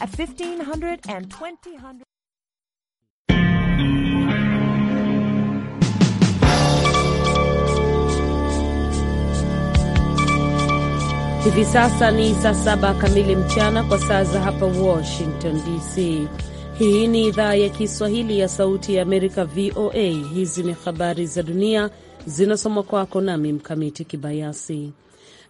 at 1500 and 2000. Hivi sasa ni saa saba kamili mchana kwa saa za hapa Washington DC. Hii ni idhaa ya Kiswahili ya Sauti ya Amerika, VOA. Hizi ni habari za dunia zinasomwa kwako nami Mkamiti Kibayasi.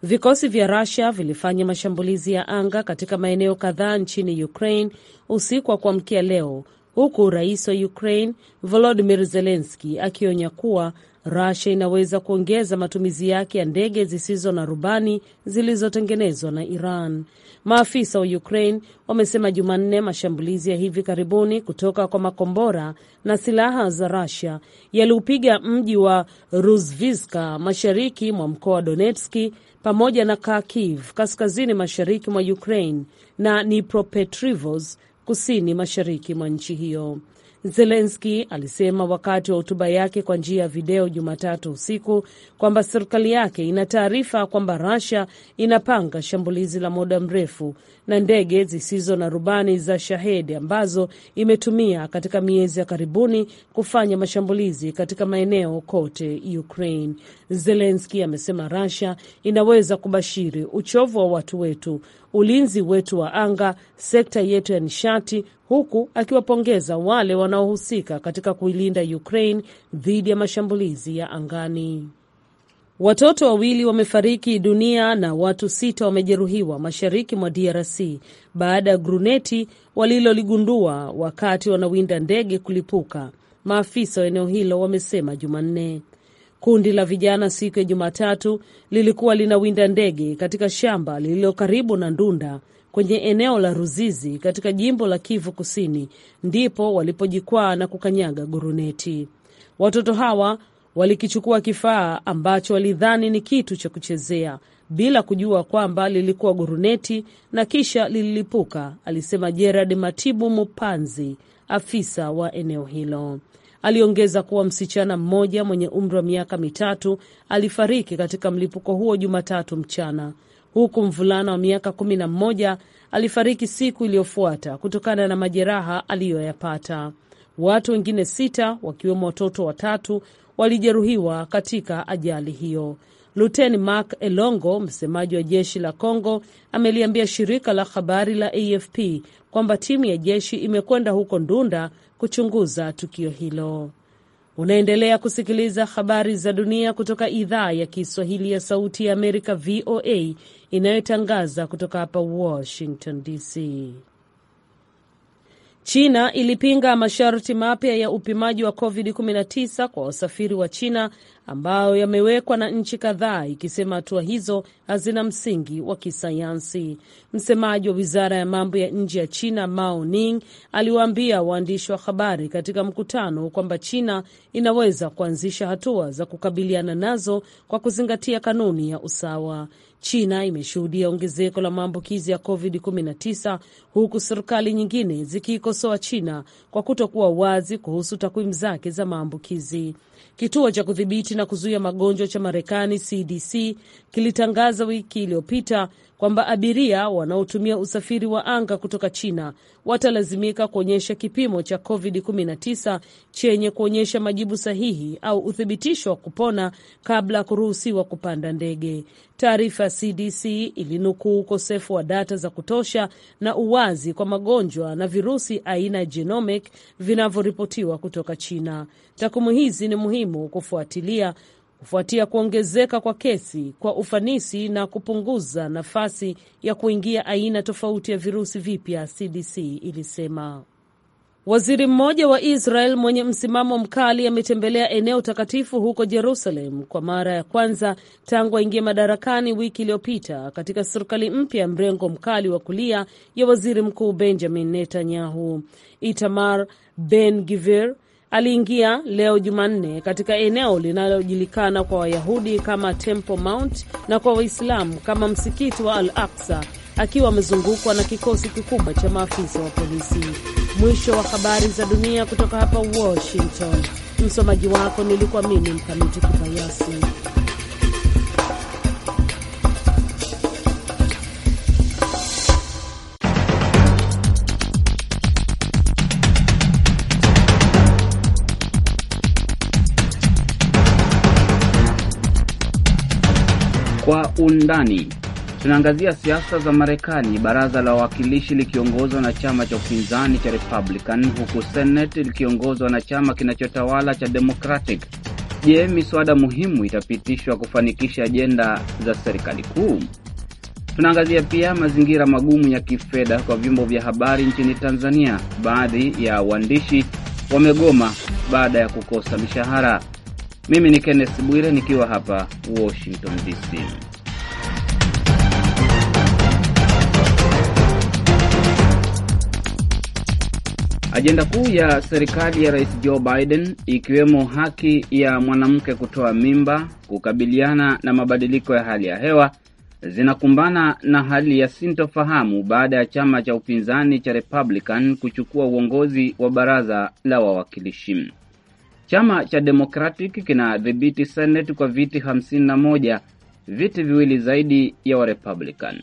Vikosi vya Rusia vilifanya mashambulizi ya anga katika maeneo kadhaa nchini Ukraine usiku wa kuamkia leo, huku rais wa Ukraine volodimir zelenski akionya kuwa Rusia inaweza kuongeza matumizi yake ya ndege zisizo na rubani zilizotengenezwa na Iran. Maafisa wa Ukraine wamesema Jumanne mashambulizi ya hivi karibuni kutoka kwa makombora na silaha za Rusia yaliupiga mji wa rusviska mashariki mwa mkoa wa Donetski pamoja na Kharkiv kaskazini mashariki mwa Ukraine na Dnipropetrovsk kusini mashariki mwa nchi hiyo. Zelenski alisema wakati wa hotuba yake kwa njia ya video Jumatatu usiku kwamba serikali yake ina taarifa kwamba Russia inapanga shambulizi la muda mrefu na ndege zisizo na rubani za Shahedi ambazo imetumia katika miezi ya karibuni kufanya mashambulizi katika maeneo kote Ukraine. Zelenski amesema Russia inaweza kubashiri uchovu wa watu wetu, ulinzi wetu wa anga, sekta yetu ya nishati, huku akiwapongeza wale wanaohusika katika kuilinda Ukraine dhidi ya mashambulizi ya angani. Watoto wawili wamefariki dunia na watu sita wamejeruhiwa mashariki mwa DRC baada ya gruneti waliloligundua wakati wanawinda ndege kulipuka, maafisa wa eneo hilo wamesema Jumanne. Kundi la vijana siku ya Jumatatu lilikuwa linawinda ndege katika shamba lililo karibu na Ndunda kwenye eneo la Ruzizi katika jimbo la Kivu Kusini, ndipo walipojikwaa na kukanyaga guruneti. Watoto hawa walikichukua kifaa ambacho walidhani ni kitu cha kuchezea bila kujua kwamba lilikuwa guruneti na kisha lililipuka, alisema Gerard Matibu Mupanzi, afisa wa eneo hilo. Aliongeza kuwa msichana mmoja mwenye umri wa miaka mitatu alifariki katika mlipuko huo Jumatatu mchana, huku mvulana wa miaka kumi na mmoja alifariki siku iliyofuata kutokana na majeraha aliyoyapata. Watu wengine sita wakiwemo watoto watatu walijeruhiwa katika ajali hiyo. Luteni Mark Elongo, msemaji wa jeshi la congo ameliambia shirika la habari la AFP kwamba timu ya jeshi imekwenda huko Ndunda kuchunguza tukio hilo. Unaendelea kusikiliza habari za dunia kutoka idhaa ya Kiswahili ya Sauti ya Amerika, VOA, inayotangaza kutoka hapa Washington DC. China ilipinga masharti mapya ya upimaji wa COVID-19 kwa wasafiri wa China ambayo yamewekwa na nchi kadhaa ikisema hatua hizo hazina msingi wa kisayansi. Msemaji wa wizara ya mambo ya nje ya China Mao Ning aliwaambia waandishi wa habari katika mkutano kwamba China inaweza kuanzisha hatua za kukabiliana nazo kwa kuzingatia kanuni ya usawa. China imeshuhudia ongezeko la maambukizi ya COVID-19 huku serikali nyingine zikiikosoa China kwa kutokuwa wazi kuhusu takwimu zake za maambukizi. Kituo cha kudhibiti na kuzuia magonjwa cha Marekani, CDC, kilitangaza wiki iliyopita kwamba abiria wanaotumia usafiri wa anga kutoka China watalazimika kuonyesha kipimo cha COVID-19 chenye kuonyesha majibu sahihi au uthibitisho wa kupona kabla ya kuruhusiwa kupanda ndege. Taarifa ya CDC ilinukuu ukosefu wa data za kutosha na uwazi kwa magonjwa na virusi aina ya genomic vinavyoripotiwa kutoka China. Takwimu hizi ni muhimu kufuatilia kufuatia kuongezeka kwa kesi kwa ufanisi na kupunguza nafasi ya kuingia aina tofauti ya virusi vipya, CDC ilisema. Waziri mmoja wa Israel mwenye msimamo mkali ametembelea eneo takatifu huko Jerusalem kwa mara ya kwanza tangu aingie madarakani wiki iliyopita katika serikali mpya ya mrengo mkali wa kulia ya waziri mkuu Benjamin Netanyahu. Itamar Ben Gvir aliingia leo Jumanne katika eneo linalojulikana kwa Wayahudi kama Temple Mount na kwa Waislamu kama msikiti wa Al Aksa akiwa amezungukwa na kikosi kikubwa cha maafisa wa polisi. Mwisho wa habari za dunia kutoka hapa Washington. Msomaji wako nilikuwa mimi Mkamiti Kibayasi. undani tunaangazia siasa za Marekani, baraza la wawakilishi likiongozwa na chama cha upinzani cha Republican, huku Senate likiongozwa na chama kinachotawala cha Democratic. Je, miswada muhimu itapitishwa kufanikisha ajenda za serikali kuu? Tunaangazia pia mazingira magumu ya kifedha kwa vyombo vya habari nchini Tanzania. Baadhi ya waandishi wamegoma baada ya kukosa mishahara. Mimi ni Kenneth Bwire nikiwa hapa Washington DC. Ajenda kuu ya serikali ya Rais Joe Biden ikiwemo haki ya mwanamke kutoa mimba, kukabiliana na mabadiliko ya hali ya hewa zinakumbana na hali ya sintofahamu baada ya chama cha upinzani cha Republican kuchukua uongozi wa baraza la wawakilishi. Chama cha Democratic kinadhibiti Senate kwa viti 51, viti viwili zaidi ya Warepublican.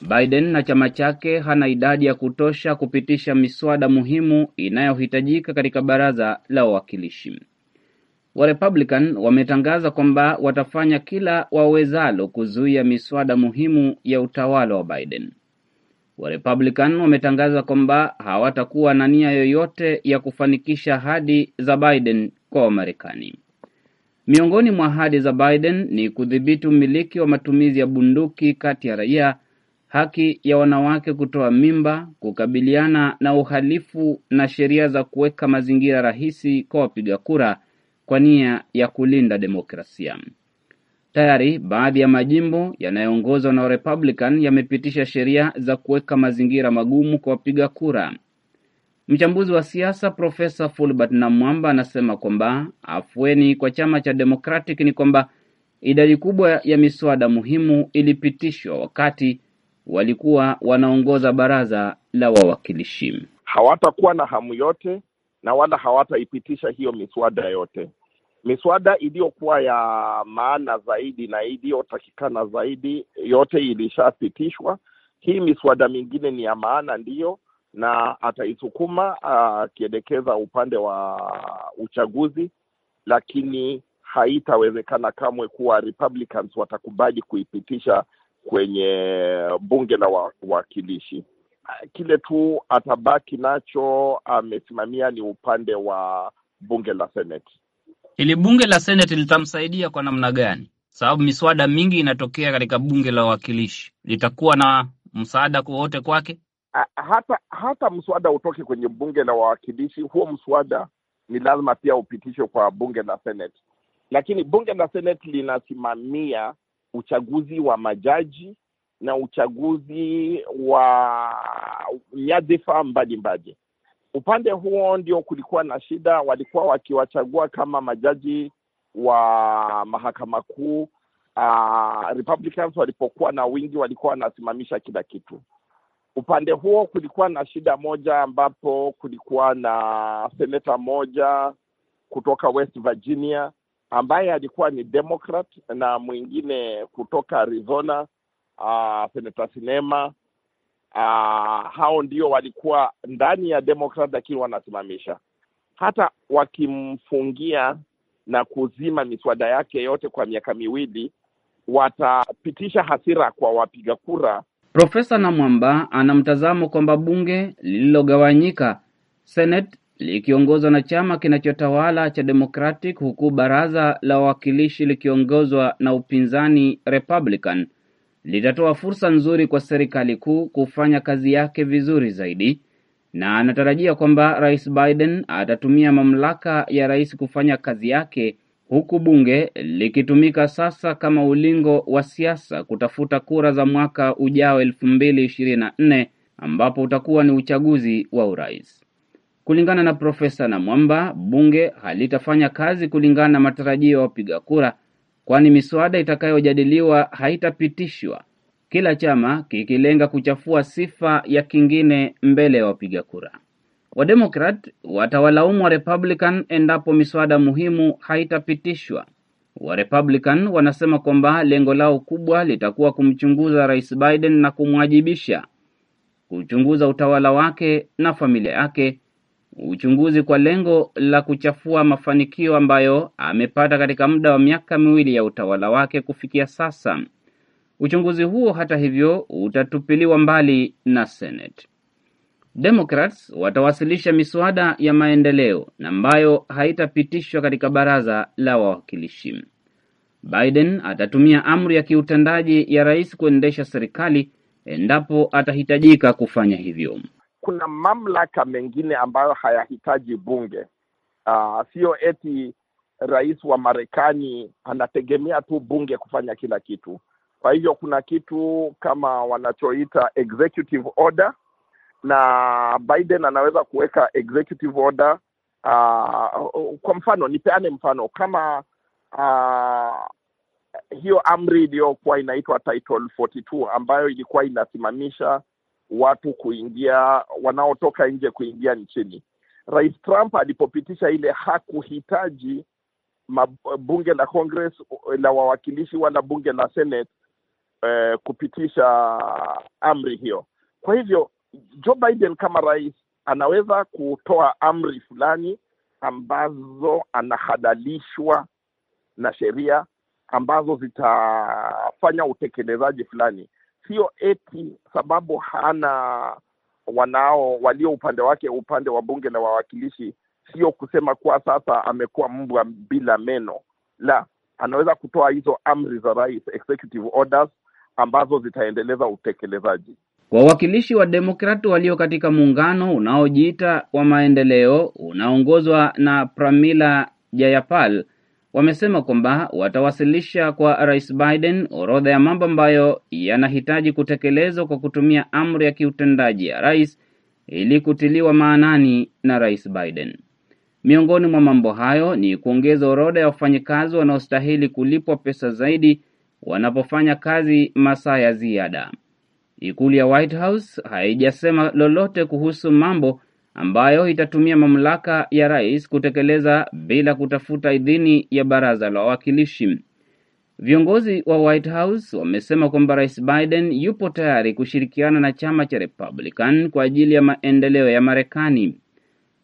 Biden na chama chake hana idadi ya kutosha kupitisha miswada muhimu inayohitajika katika baraza la wawakilishi. Warepublican wametangaza kwamba watafanya kila wawezalo kuzuia miswada muhimu ya utawala wa Biden. Warepublican wametangaza kwamba hawatakuwa na nia yoyote ya kufanikisha ahadi za Biden kwa Wamarekani. Miongoni mwa ahadi za Biden ni kudhibiti umiliki wa matumizi ya bunduki kati ya raia haki ya wanawake kutoa mimba, kukabiliana na uhalifu na sheria za kuweka mazingira rahisi kwa wapiga kura kwa nia ya kulinda demokrasia. Tayari baadhi ya majimbo yanayoongozwa na Republican yamepitisha sheria za kuweka mazingira magumu kwa wapiga kura. Mchambuzi wa siasa Profesa Fulbert Namwamba anasema kwamba afueni kwa chama cha Democratic ni kwamba idadi kubwa ya miswada muhimu ilipitishwa wakati walikuwa wanaongoza baraza la wawakilishi. Hawatakuwa na hamu yote na wala hawataipitisha hiyo miswada yote. Miswada iliyokuwa ya maana zaidi na iliyotakikana zaidi yote ilishapitishwa. Hii miswada mingine ni ya maana ndiyo, na ataisukuma ah, akielekeza upande wa uchaguzi, lakini haitawezekana kamwe kuwa Republicans watakubali kuipitisha kwenye bunge la wawakilishi. Kile tu atabaki nacho amesimamia ni upande wa bunge la seneti. Ili bunge la seneti litamsaidia kwa namna gani? Sababu miswada mingi inatokea katika bunge la wawakilishi, litakuwa na msaada wowote kwake? Hata hata mswada utoke kwenye bunge la wawakilishi, huo mswada ni lazima pia upitishwe kwa bunge la seneti, lakini bunge la seneti linasimamia uchaguzi wa majaji na uchaguzi wa nyadhifa mbalimbali. Upande huo ndio kulikuwa na shida, walikuwa wakiwachagua kama majaji wa mahakama kuu. Uh, Republicans walipokuwa na wingi walikuwa wanasimamisha kila kitu. Upande huo kulikuwa na shida moja, ambapo kulikuwa na seneta moja kutoka West Virginia ambaye alikuwa ni Democrat na mwingine kutoka Arizona uh, sinema uh, hao ndio walikuwa ndani ya Democrat, lakini wanasimamisha hata wakimfungia na kuzima miswada yake yote kwa miaka miwili, watapitisha hasira kwa wapiga kura. Profesa Namwamba ana mtazamo kwamba bunge lililogawanyika, Senate likiongozwa na chama kinachotawala cha Democratic huku baraza la wawakilishi likiongozwa na upinzani Republican litatoa fursa nzuri kwa serikali kuu kufanya kazi yake vizuri zaidi, na anatarajia kwamba Rais Biden atatumia mamlaka ya rais kufanya kazi yake, huku bunge likitumika sasa kama ulingo wa siasa kutafuta kura za mwaka ujao 2024 ambapo utakuwa ni uchaguzi wa urais. Kulingana na Profesa Namwamba, bunge halitafanya kazi kulingana na matarajio ya wapiga kura, kwani miswada itakayojadiliwa haitapitishwa, kila chama kikilenga kuchafua sifa ya kingine mbele ya wapiga kura. Wademokrat watawalaumu Warepublican endapo miswada muhimu haitapitishwa. Warepublican wanasema kwamba lengo lao kubwa litakuwa kumchunguza Rais Biden na kumwajibisha, kuchunguza utawala wake na familia yake uchunguzi kwa lengo la kuchafua mafanikio ambayo amepata katika muda wa miaka miwili ya utawala wake kufikia sasa. Uchunguzi huo hata hivyo utatupiliwa mbali na Senate. Democrats watawasilisha miswada ya maendeleo ambayo haitapitishwa katika baraza la wawakilishi. Biden atatumia amri ya kiutendaji ya rais kuendesha serikali endapo atahitajika kufanya hivyo kuna mamlaka mengine ambayo hayahitaji bunge. Uh, sio eti rais wa Marekani anategemea tu bunge kufanya kila kitu. Kwa hivyo kuna kitu kama wanachoita executive order, na Biden anaweza kuweka executive order uh, kwa mfano nipeane mfano kama uh, hiyo amri iliyokuwa inaitwa Title 42 ambayo ilikuwa inasimamisha watu kuingia wanaotoka nje kuingia nchini. Rais Trump alipopitisha ile hakuhitaji bunge la Congress la wawakilishi wala bunge la Senate eh, kupitisha amri hiyo. Kwa hivyo Joe Biden kama rais anaweza kutoa amri fulani ambazo anahalalishwa na sheria ambazo zitafanya utekelezaji fulani sio eti sababu hana wanao walio upande wake upande wa bunge la wawakilishi, sio kusema kuwa sasa amekuwa mbwa bila meno. La, anaweza kutoa hizo amri za rais, executive orders, ambazo zitaendeleza utekelezaji. Wawakilishi wa Demokrat walio katika muungano unaojiita wa maendeleo unaongozwa na Pramila Jayapal wamesema kwamba watawasilisha kwa Rais Biden orodha ya mambo ambayo yanahitaji kutekelezwa kwa kutumia amri ya kiutendaji ya rais ili kutiliwa maanani na Rais Biden. Miongoni mwa mambo hayo ni kuongeza orodha ya wafanyikazi wanaostahili kulipwa pesa zaidi wanapofanya kazi masaa ya ziada. Ikulu ya White House haijasema lolote kuhusu mambo ambayo itatumia mamlaka ya rais kutekeleza bila kutafuta idhini ya baraza la wawakilishi. Viongozi wa White House wamesema kwamba Rais Biden yupo tayari kushirikiana na chama cha Republican kwa ajili ya maendeleo ya Marekani.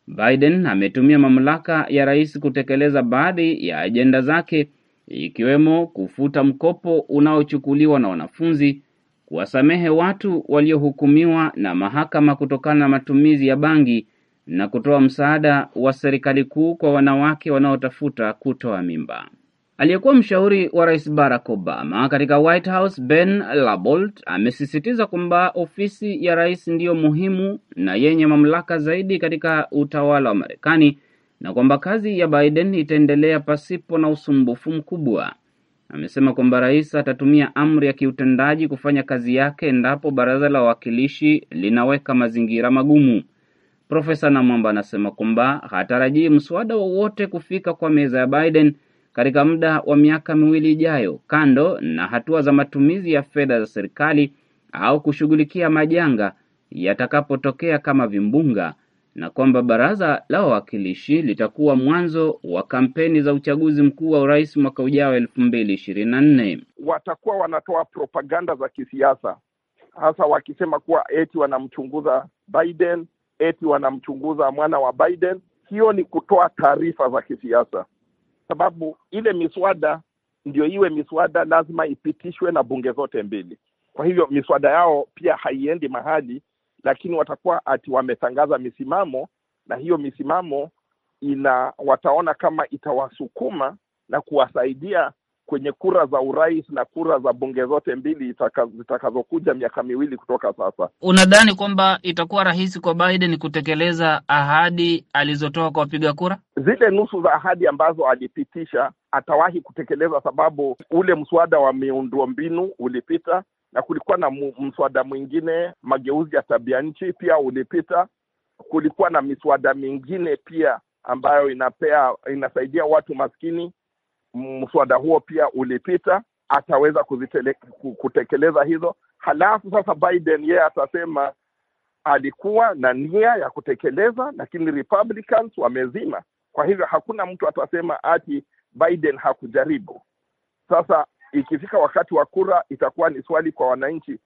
Biden ametumia mamlaka ya rais kutekeleza baadhi ya ajenda zake ikiwemo kufuta mkopo unaochukuliwa na wanafunzi kuwasamehe watu waliohukumiwa na mahakama kutokana na matumizi ya bangi na kutoa msaada wa serikali kuu kwa wanawake wanaotafuta kutoa mimba. Aliyekuwa mshauri wa rais Barack Obama katika White House Ben Labolt amesisitiza kwamba ofisi ya rais ndiyo muhimu na yenye mamlaka zaidi katika utawala wa Marekani na kwamba kazi ya Biden itaendelea pasipo na usumbufu mkubwa. Amesema kwamba rais atatumia amri ya kiutendaji kufanya kazi yake endapo baraza la wawakilishi linaweka mazingira magumu. Profesa Namwamba anasema kwamba hatarajii mswada wowote kufika kwa meza ya Biden katika muda wa miaka miwili ijayo, kando na hatua za matumizi ya fedha za serikali au kushughulikia majanga yatakapotokea kama vimbunga na kwamba baraza la wawakilishi litakuwa mwanzo wa kampeni za uchaguzi mkuu wa urais mwaka ujao elfu mbili ishirini na nne. Watakuwa wanatoa propaganda za kisiasa, hasa wakisema kuwa eti wanamchunguza Biden, eti wanamchunguza mwana wa Biden. Hiyo ni kutoa taarifa za kisiasa, sababu ile miswada ndio iwe miswada, lazima ipitishwe na bunge zote mbili. Kwa hivyo miswada yao pia haiendi mahali lakini watakuwa ati wametangaza misimamo, na hiyo misimamo ina wataona kama itawasukuma na kuwasaidia kwenye kura za urais na kura za bunge zote mbili zitakazokuja miaka miwili kutoka sasa. Unadhani kwamba itakuwa rahisi kwa Biden kutekeleza ahadi alizotoa kwa wapiga kura? Zile nusu za ahadi ambazo alipitisha atawahi kutekeleza, sababu ule mswada wa miundo mbinu ulipita, na kulikuwa na mswada mwingine mageuzi ya tabia nchi pia ulipita. Kulikuwa na miswada mingine pia ambayo inapea inasaidia watu maskini, mswada huo pia ulipita. Ataweza kuzitele, kutekeleza hizo. Halafu sasa Biden yeye atasema alikuwa na nia ya kutekeleza, lakini Republicans wamezima. Kwa hivyo hakuna mtu atasema ati Biden hakujaribu. Sasa ikifika wakati wa kura itakuwa ni swali kwa wananchi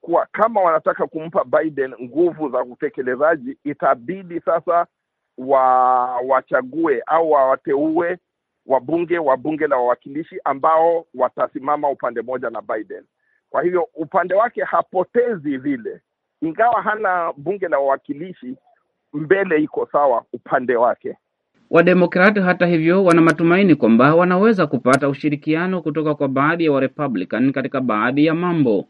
kuwa kama wanataka kumpa Biden nguvu za utekelezaji, itabidi sasa wa wachague au wawateue wabunge wa bunge la wawakilishi ambao watasimama upande mmoja na Biden. Kwa hivyo upande wake hapotezi vile, ingawa hana bunge la wawakilishi, mbele iko sawa upande wake. Wademokrati hata hivyo wana matumaini kwamba wanaweza kupata ushirikiano kutoka kwa baadhi ya Warepublican katika baadhi ya mambo.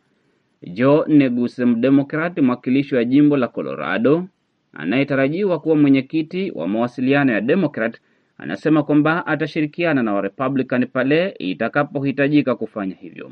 Joe Neguse, mdemokrati mwakilishi wa jimbo la Colorado anayetarajiwa kuwa mwenyekiti wa mawasiliano ya Demokrat, anasema kwamba atashirikiana na Warepublican pale itakapohitajika kufanya hivyo.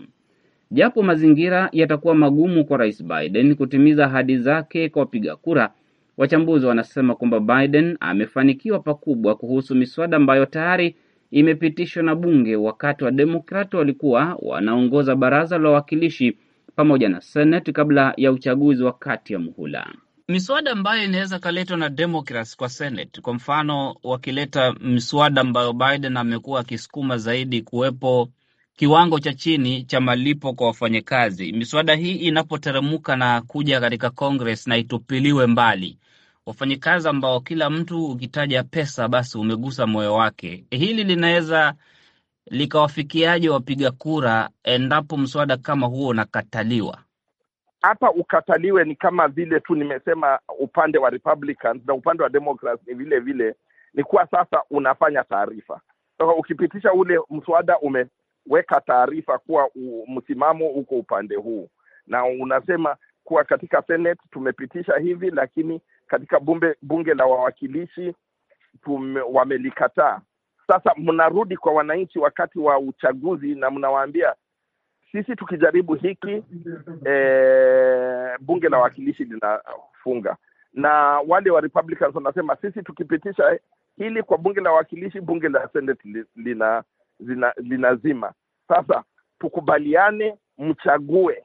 Japo mazingira yatakuwa magumu kwa Rais Biden kutimiza ahadi zake kwa wapiga kura Wachambuzi wanasema kwamba Biden amefanikiwa pakubwa kuhusu miswada ambayo tayari imepitishwa na bunge wakati wa Demokrati walikuwa wanaongoza baraza la wawakilishi pamoja na Senate kabla ya uchaguzi wa kati ya muhula. Miswada ambayo inaweza kaletwa na Democrats kwa Senate, kwa mfano wakileta miswada ambayo Biden amekuwa akisukuma zaidi, kuwepo kiwango cha chini cha malipo kwa wafanyakazi. Miswada hii inapoteremka na kuja katika Congress na itupiliwe mbali, wafanyakazi ambao kila mtu ukitaja pesa basi umegusa moyo wake, hili linaweza likawafikiaje wapiga kura endapo mswada kama huo unakataliwa? Hapa ukataliwe ni kama vile tu nimesema, upande wa Republicans na upande wa Democrats ni vile vile, ni kuwa sasa unafanya taarifa. So, ukipitisha ule mswada ume, weka taarifa kuwa msimamo uko upande huu, na unasema kuwa katika Senate tumepitisha hivi, lakini katika bunge, bunge la wawakilishi tume, wamelikataa. Sasa mnarudi kwa wananchi wakati wa uchaguzi na mnawaambia sisi tukijaribu hiki e, bunge la wawakilishi linafunga, na wale wa Republicans wanasema sisi tukipitisha hili kwa bunge la wawakilishi, bunge la Senate lina zina, linazima. Sasa tukubaliane, mchague.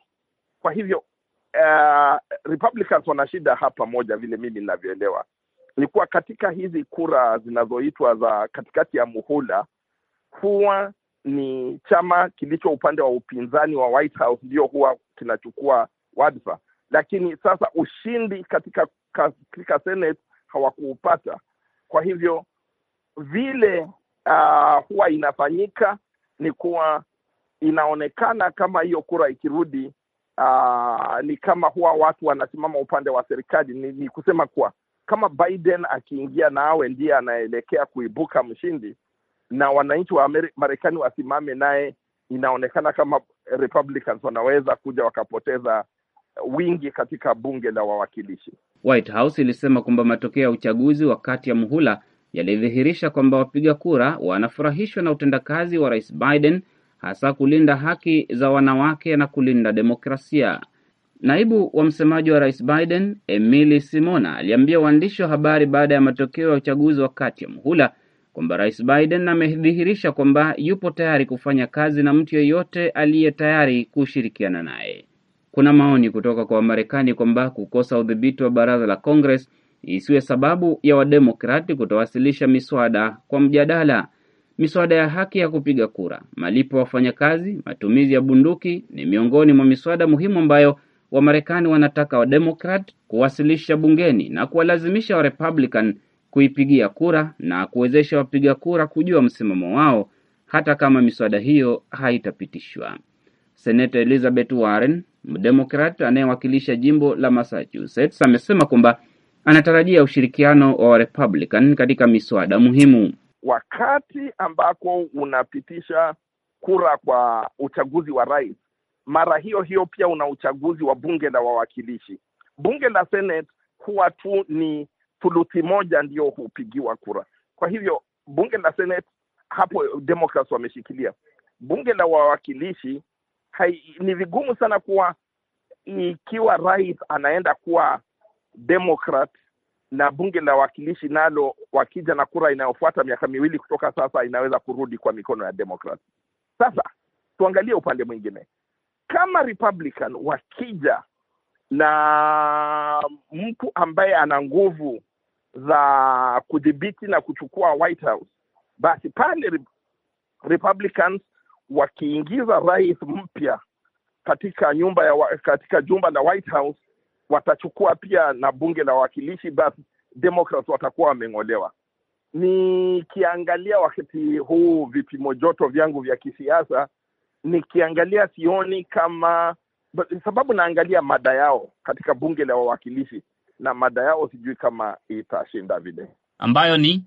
Kwa hivyo uh, Republicans wana shida hapa moja, vile mimi ninavyoelewa ni kuwa katika hizi kura zinazoitwa za katikati ya muhula huwa ni chama kilicho upande wa upinzani wa White House ndio huwa kinachukua wadfa lakini sasa ushindi katika katika Senate hawakuupata. Kwa hivyo vile uh, huwa inafanyika ni kuwa inaonekana kama hiyo kura ikirudi uh, ni kama huwa watu wanasimama upande wa serikali ni, ni kusema kuwa kama Biden akiingia na awe ndiye anaelekea kuibuka mshindi na wananchi wa Marekani wasimame naye, inaonekana kama Republicans wanaweza kuja wakapoteza wingi katika bunge la wawakilishi. White House ilisema kwamba matokeo ya uchaguzi wa kati ya muhula yalidhihirisha kwamba wapiga kura wanafurahishwa na utendakazi wa Rais Biden, hasa kulinda haki za wanawake na kulinda demokrasia. Naibu wa msemaji wa Rais Biden, Emily Simona, aliambia waandishi wa habari baada ya matokeo ya uchaguzi wa kati ya muhula kwamba Rais Biden amedhihirisha kwamba yupo tayari kufanya kazi na mtu yeyote aliye tayari kushirikiana naye. Kuna maoni kutoka kwa Wamarekani kwamba kukosa udhibiti wa baraza la Congress isiwe sababu ya Wademokrati kutowasilisha miswada kwa mjadala. Miswada ya haki ya kupiga kura, malipo ya wafanyakazi, matumizi ya bunduki ni miongoni mwa miswada muhimu ambayo Wamarekani wanataka Wademokrat kuwasilisha bungeni na kuwalazimisha Warepublican kuipigia kura na kuwezesha wapiga kura kujua msimamo wao hata kama miswada hiyo haitapitishwa. Senata Elizabeth Warren, mdemokrat anayewakilisha jimbo la Massachusetts, amesema kwamba anatarajia ushirikiano wa Republican katika miswada muhimu. Wakati ambako unapitisha kura kwa uchaguzi wa rais, mara hiyo hiyo pia una uchaguzi wa bunge la wawakilishi. Bunge la Senate huwa tu ni thuluthi moja ndiyo hupigiwa kura. Kwa hivyo bunge la Senate hapo Democrats wameshikilia. Bunge la wawakilishi hai, ni vigumu sana kuwa ikiwa rais anaenda kuwa Democrat na bunge la wakilishi nalo wakija na kura inayofuata miaka miwili kutoka sasa inaweza kurudi kwa mikono ya Democrat. Sasa tuangalie upande mwingine, kama Republican wakija na mtu ambaye ana nguvu za kudhibiti na kuchukua White House, basi pale Republicans wakiingiza rais mpya katika nyumba ya, katika jumba la White House watachukua pia na bunge la wawakilishi, basi demokrat watakuwa wameng'olewa. Nikiangalia wakati huu vipimo joto vyangu vya kisiasa, nikiangalia sioni kama sababu, naangalia mada yao katika bunge la wawakilishi na mada yao sijui kama itashinda vile, ambayo ni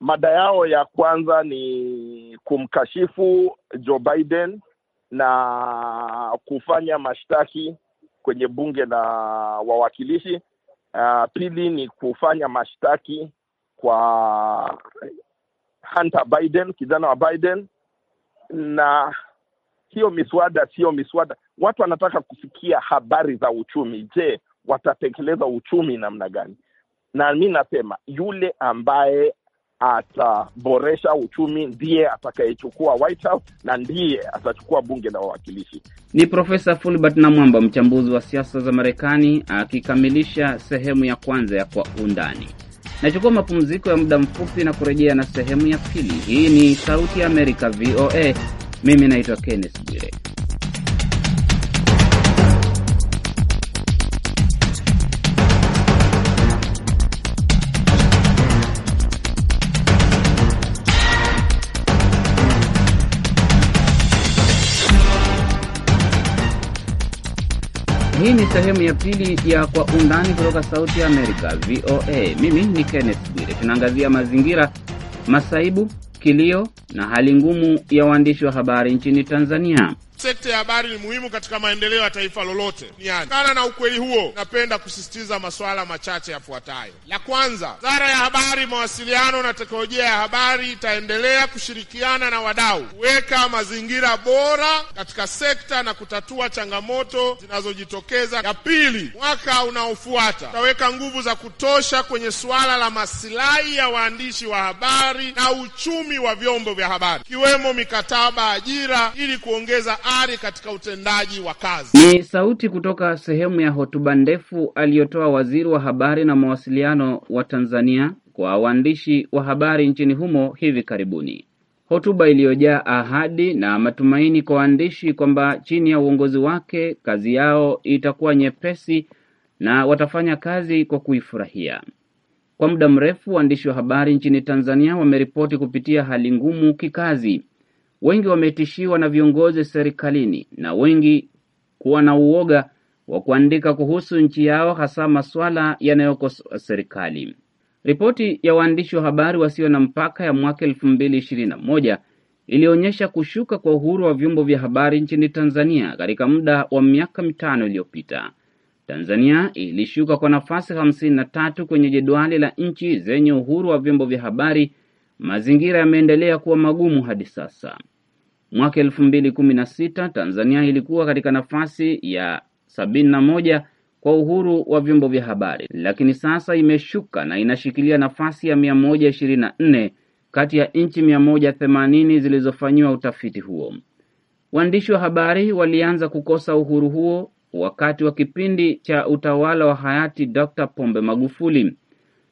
mada yao ya kwanza ni kumkashifu Joe Biden na kufanya mashtaki kwenye bunge la wawakilishi. Uh, pili ni kufanya mashtaki kwa Hunter Biden, kijana wa Biden. Na hiyo miswada siyo miswada, watu wanataka kusikia habari za uchumi. Je, watatekeleza uchumi namna gani? Na mi nasema yule ambaye ataboresha uchumi ndiye atakayechukua White House na ndiye atachukua bunge la wawakilishi. Ni Profesa Fulbert Namwamba, mchambuzi wa siasa za Marekani, akikamilisha sehemu ya kwanza ya Kwa Undani. Nachukua mapumziko ya muda mfupi na kurejea na sehemu ya pili. Hii ni Sauti ya Amerika, VOA. Mimi naitwa Kenneth Bwire. Hii ni sehemu ya pili ya Kwa Undani kutoka Sauti ya Amerika, VOA. Mimi ni Kenneth Bwire. Tunaangazia mazingira, masaibu, kilio na hali ngumu ya waandishi wa habari nchini Tanzania. Sekta ya habari ni muhimu katika maendeleo ya taifa lolote duniani. Kana na ukweli huo, napenda kusisitiza masuala machache yafuatayo. La kwanza, Wizara ya Habari, Mawasiliano na Teknolojia ya Habari itaendelea kushirikiana na wadau kuweka mazingira bora katika sekta na kutatua changamoto zinazojitokeza. Ya pili, mwaka unaofuata utaweka nguvu za kutosha kwenye suala la masilahi ya waandishi wa habari na uchumi wa vyombo vya habari, ikiwemo mikataba ajira ili kuongeza fahari katika utendaji wa kazi. Ni sauti kutoka sehemu ya hotuba ndefu aliyotoa waziri wa habari na mawasiliano wa Tanzania kwa waandishi wa habari nchini humo hivi karibuni, hotuba iliyojaa ahadi na matumaini kwa waandishi kwamba chini ya uongozi wake kazi yao itakuwa nyepesi na watafanya kazi kwa kuifurahia. Kwa muda mrefu waandishi wa habari nchini Tanzania wameripoti kupitia hali ngumu kikazi Wengi wametishiwa na viongozi serikalini na wengi kuwa na uoga wa kuandika kuhusu nchi yao, hasa masuala yanayokosoa serikali. Ripoti ya waandishi wa habari wasio na mpaka ya mwaka moja ilionyesha kushuka kwa uhuru wa vyombo vya habari nchini Tanzania katika muda wa miaka mitano iliyopita. Tanzania ilishuka kwa nafasi 53 kwenye jedwali la nchi zenye uhuru wa vyombo vya habari. Mazingira yameendelea kuwa magumu hadi sasa. Mwaka elfu mbili kumi na sita Tanzania ilikuwa katika nafasi ya sabini na moja kwa uhuru wa vyombo vya habari, lakini sasa imeshuka na inashikilia nafasi ya mia moja ishirini na nne kati ya nchi mia moja themanini zilizofanyiwa utafiti huo. Waandishi wa habari walianza kukosa uhuru huo wakati wa kipindi cha utawala wa hayati Dr. Pombe Magufuli.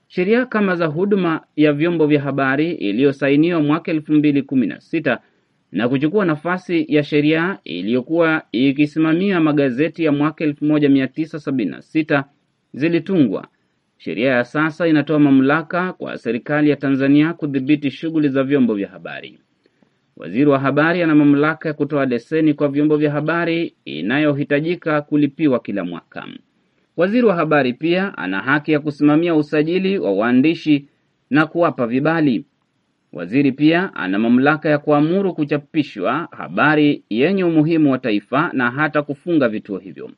Sheria kama za huduma ya vyombo vya habari iliyosainiwa mwaka elfu mbili kumi na sita na kuchukua nafasi ya sheria iliyokuwa ikisimamia magazeti ya mwaka sita zilitungwa. Sheria ya sasa inatoa mamlaka kwa serikali ya Tanzania kudhibiti shughuli za vyombo vya habari. Waziri wa habari ana mamlaka ya kutoa leseni kwa vyombo vya habari inayohitajika kulipiwa kila mwaka. Waziri wa habari pia ana haki ya kusimamia usajili wa waandishi na kuwapa vibali. Waziri pia ana mamlaka ya kuamuru kuchapishwa habari yenye umuhimu wa taifa na hata kufunga vituo hivyo.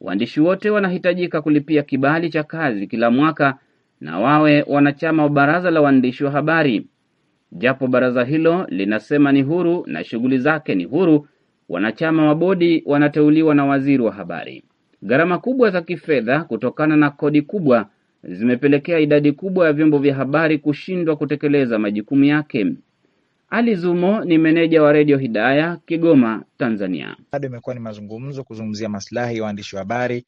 Waandishi wote wanahitajika kulipia kibali cha kazi kila mwaka na wawe wanachama wa baraza la waandishi wa habari. Japo baraza hilo linasema ni huru na shughuli zake ni huru, wanachama wa bodi wanateuliwa na waziri wa habari. Gharama kubwa za kifedha kutokana na kodi kubwa zimepelekea idadi kubwa ya vyombo vya habari kushindwa kutekeleza majukumu yake. Ali Zumo ni meneja wa Redio Hidaya Kigoma, Tanzania. Bado imekuwa ni mazungumzo kuzungumzia masilahi ya waandishi wa habari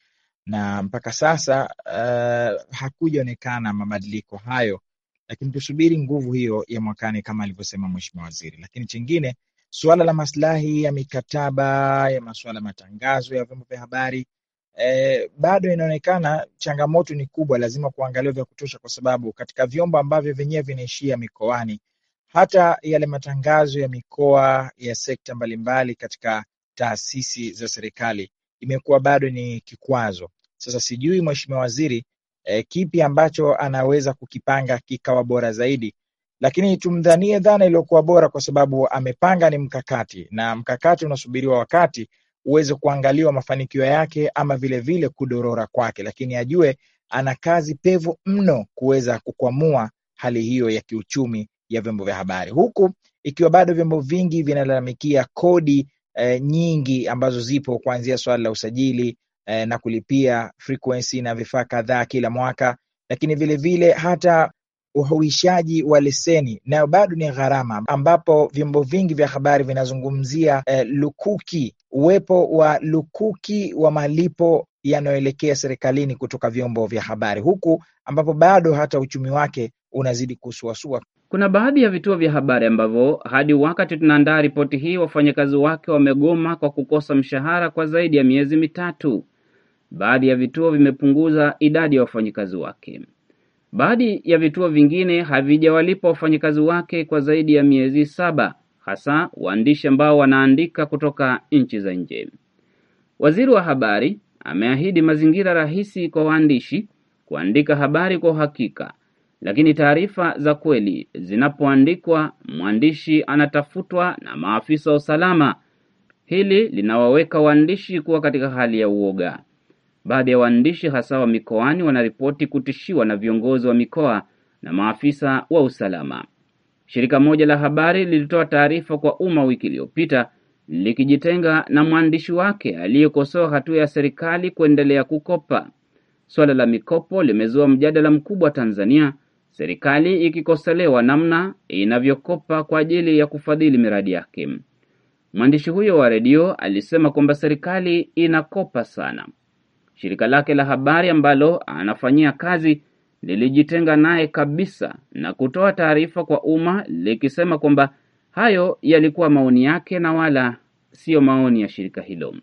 na mpaka sasa uh, hakujaonekana mabadiliko hayo, lakini tusubiri nguvu hiyo ya mwakani kama alivyosema mheshimiwa waziri. Lakini chingine, suala la masilahi ya mikataba ya masuala matangazo ya vyombo vya habari eh, bado inaonekana changamoto ni kubwa, lazima kuangaliwa vya kutosha, kwa sababu katika vyombo ambavyo vyenyewe vinaishia mikoani, hata yale matangazo ya mikoa ya sekta mbalimbali katika taasisi za serikali imekuwa bado ni kikwazo. Sasa sijui mheshimiwa waziri eh, kipi ambacho anaweza kukipanga kikawa bora zaidi, lakini tumdhanie dhana iliyokuwa bora, kwa sababu amepanga ni mkakati na mkakati unasubiriwa wakati uweze kuangaliwa mafanikio yake ama vilevile kudorora kwake, lakini ajue ana kazi pevu mno kuweza kukwamua hali hiyo ya kiuchumi ya vyombo vya habari, huku ikiwa bado vyombo vingi vinalalamikia kodi e, nyingi ambazo zipo kuanzia swala la usajili e, na kulipia frequency na vifaa kadhaa kila mwaka, lakini vilevile vile hata uhuishaji wa leseni nayo bado ni gharama, ambapo vyombo vingi vya habari vinazungumzia eh, lukuki, uwepo wa lukuki wa malipo yanayoelekea serikalini kutoka vyombo vya habari, huku ambapo bado hata uchumi wake unazidi kusuasua. Kuna baadhi ya vituo vya habari ambavyo hadi wakati tunaandaa ripoti hii wafanyakazi wake wamegoma kwa kukosa mshahara kwa zaidi ya miezi mitatu. Baadhi ya vituo vimepunguza idadi ya wafanyakazi wake. Baadhi ya vituo vingine havijawalipa wafanyakazi wake kwa zaidi ya miezi saba, hasa waandishi ambao wanaandika kutoka nchi za nje. Waziri wa habari ameahidi mazingira rahisi kwa waandishi kuandika habari kwa uhakika, lakini taarifa za kweli zinapoandikwa, mwandishi anatafutwa na maafisa wa usalama. Hili linawaweka waandishi kuwa katika hali ya uoga. Baadhi ya waandishi hasa wa mikoani wanaripoti kutishiwa na viongozi wa mikoa na maafisa wa usalama. Shirika moja la habari lilitoa taarifa kwa umma wiki iliyopita likijitenga na mwandishi wake aliyekosoa hatua ya serikali kuendelea kukopa. Suala la mikopo limezua mjadala mkubwa Tanzania, serikali ikikosolewa namna inavyokopa kwa ajili ya kufadhili miradi yake. Mwandishi huyo wa redio alisema kwamba serikali inakopa sana. Shirika lake la habari ambalo anafanyia kazi lilijitenga naye kabisa na kutoa taarifa kwa umma likisema kwamba hayo yalikuwa maoni yake na wala siyo maoni ya shirika hilo.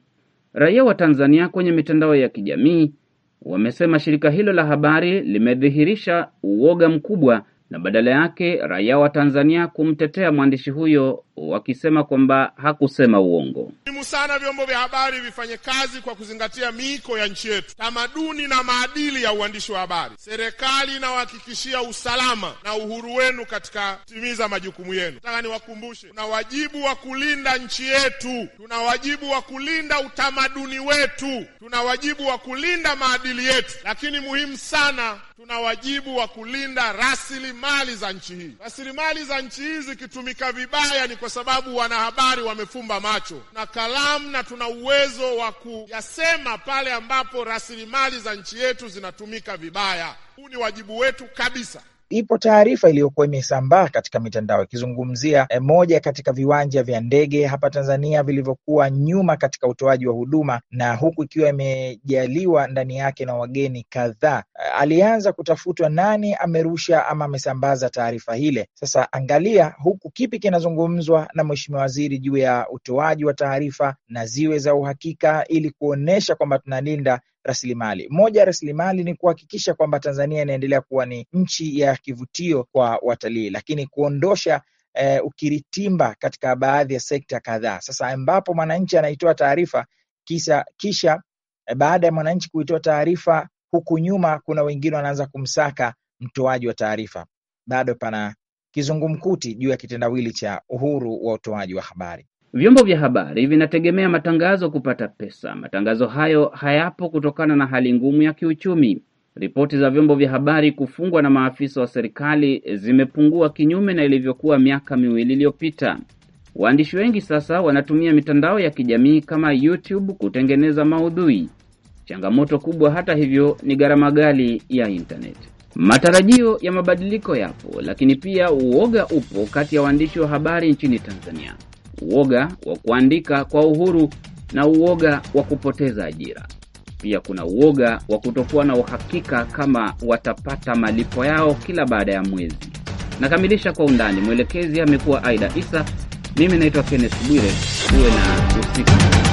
Raia wa Tanzania kwenye mitandao ya kijamii wamesema shirika hilo la habari limedhihirisha uoga mkubwa na badala yake raia wa Tanzania kumtetea mwandishi huyo wakisema kwamba hakusema uongo. Muhimu sana vyombo vya habari vifanye kazi kwa kuzingatia miiko ya nchi yetu, tamaduni na maadili ya uandishi wa habari. Serikali inawahakikishia usalama na uhuru wenu katika kutimiza majukumu yenu. Nataka niwakumbushe, tuna wajibu wa kulinda nchi yetu, tuna wajibu wa kulinda utamaduni wetu, tuna wajibu wa kulinda maadili yetu, lakini muhimu sana tuna wajibu wa kulinda rasilimali za nchi hii. Rasilimali za nchi hii zikitumika vibaya, ni kwa sababu wanahabari wamefumba macho na kalamu, na tuna uwezo wa kuyasema pale ambapo rasilimali za nchi yetu zinatumika vibaya. Huu ni wajibu wetu kabisa. Ipo taarifa iliyokuwa imesambaa katika mitandao ikizungumzia e, moja katika viwanja vya ndege hapa Tanzania vilivyokuwa nyuma katika utoaji wa huduma, na huku ikiwa imejaliwa ndani yake na wageni kadhaa. Eh, alianza kutafutwa nani amerusha ama amesambaza taarifa hile. Sasa angalia huku kipi kinazungumzwa na mheshimiwa waziri juu ya utoaji wa taarifa na ziwe za uhakika, ili kuonesha kwamba tunalinda rasilimali. Moja ya rasilimali ni kuhakikisha kwamba Tanzania inaendelea kuwa ni nchi ya kivutio kwa watalii, lakini kuondosha eh, ukiritimba katika baadhi ya sekta kadhaa. Sasa ambapo mwananchi anaitoa taarifa kisha, kisha eh, baada ya mwananchi kuitoa taarifa, huku nyuma kuna wengine wanaanza kumsaka mtoaji wa taarifa. Bado pana kizungumkuti juu ya kitendawili cha uhuru wa utoaji wa habari. Vyombo vya habari vinategemea matangazo kupata pesa. Matangazo hayo hayapo kutokana na hali ngumu ya kiuchumi. Ripoti za vyombo vya habari kufungwa na maafisa wa serikali zimepungua kinyume na ilivyokuwa miaka miwili iliyopita. Waandishi wengi sasa wanatumia mitandao ya kijamii kama YouTube kutengeneza maudhui. Changamoto kubwa, hata hivyo, ni gharama ghali ya internet. Matarajio ya mabadiliko yapo, lakini pia uoga upo kati ya waandishi wa habari nchini Tanzania uoga wa kuandika kwa uhuru na uoga wa kupoteza ajira. Pia kuna uoga wa kutokuwa na uhakika kama watapata malipo yao kila baada ya mwezi. Nakamilisha kwa undani. Mwelekezi amekuwa Aida Isa, mimi naitwa Kenneth Bwire. Uwe na usiku